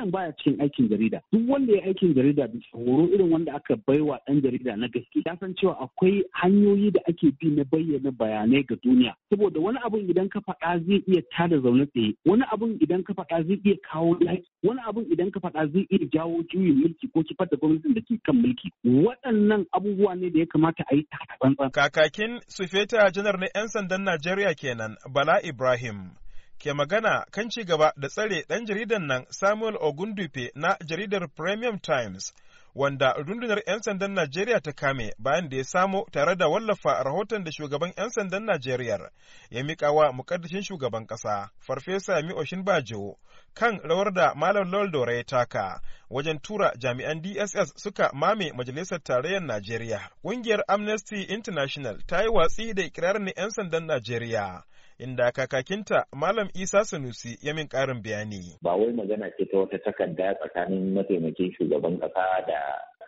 wannan baya cikin aikin jarida duk wanda ya aikin jarida da horo irin wanda aka baiwa ɗan jarida na gaske ya san cewa akwai hanyoyi da ake bi na bayyana bayanai ga duniya saboda wani abun idan ka faɗa zai iya tada zaune tsaye wani abun idan ka faɗa zai iya kawo yaki wani abun idan ka faɗa zai iya jawo juyin mulki ko kifar da gwamnatin da ke kan mulki waɗannan abubuwa ne da ya kamata a yi taka tsantsan. Kakakin Sufeta Janar na 'yan sandan Najeriya kenan Bala Ibrahim. ke magana kan ci gaba da tsare ɗan jaridan nan Samuel Ogundupe na jaridar Premium Times, wanda rundunar 'yan sandan Najeriya ta kame bayan da ya samo tare da wallafa rahoton da shugaban 'yan sandan Najeriya ya miƙa wa muƙaddashin shugaban ƙasa, Farfesa Yami-Oshin Bajo, kan rawar da Malam Lawal Dore ya taka wajen tura jami'an DSS suka mame Majalisar Tarayyar Najeriya. Ƙungiyar Amnesty International ta yi watsi da ikirarin 'yan sandan Najeriya. inda kakakinta Malam Isa Sanusi ya min ƙarin bayani. Ba wai magana ce ta wata takarda tsakanin mataimakin shugaban ƙasa da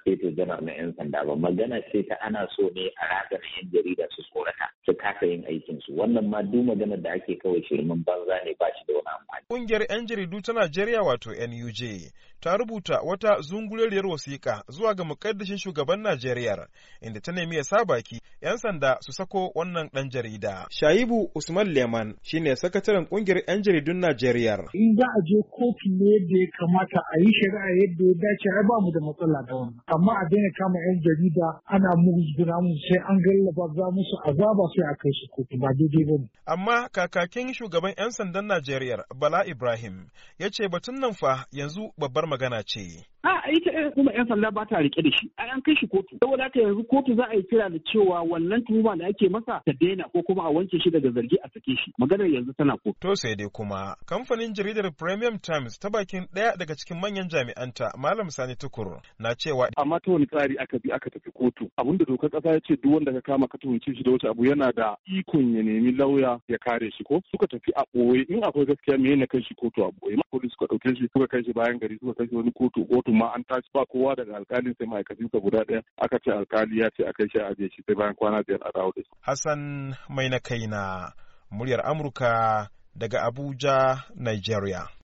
ta zana na 'yan sanda ba magana ce ta ana so ne a razana 'yan jarida su tsorata su kasa yin su wannan ma duk magana da ake kawai shirmin banza ne ba shi da wani amfani. Kungiyar 'yan jaridu ta Najeriya wato NUJ ta rubuta wata zunguriyar wasiƙa zuwa ga mukaddashin shugaban Najeriya inda ta nemi ya sa baki 'yan sanda su sako wannan ɗan jarida. Shayibu Usman Leman shine sakataren ƙungiyar 'yan jaridun Najeriya. In za a je kotu ne da ya kamata a yi shari'a yadda ya dace ai ba mu da matsala da wannan. amma a daina kama yan jarida ana mugun mu sai an gallaba za musu azaba sai a kai su kotu ba daidai ba amma kakakin shugaban yan sandan Najeriya Bala Ibrahim ya ce batun nan fa yanzu babbar magana ce a ita irin eh, kuma yan sanda ba ta rike da shi yan kai shi kotu saboda haka yanzu kotu za a yi kira da cewa wannan tuhuma da ake masa ta daina ko kuma a wanke shi daga zargi a sake shi maganar yanzu tana kotu to sai dai kuma kamfanin jaridar premium times ta bakin daya daga cikin manyan jami'anta malam sani tukur na cewa amma ta wani tsari aka bi aka tafi kotu Abun da dokar kasa ya ce duk wanda ka kama ka tuhunci shi da wata abu yana da ikon ya nemi lauya ya kare shi ko suka tafi a ɓoye in akwai gaskiya me ne kai shi kotu a ɓoye ma suka ɗauke shi suka kai shi bayan gari suka kai shi wani kotu kotu kotu an tashi ba kowa daga alkalin sai ma'aikacin sa guda ɗaya aka ce alkali ya ce a kai shi a ajiye shi sai bayan kwana biyar a dawo da shi. Hassan mai na kaina muryar Amurka daga Abuja, Nigeria.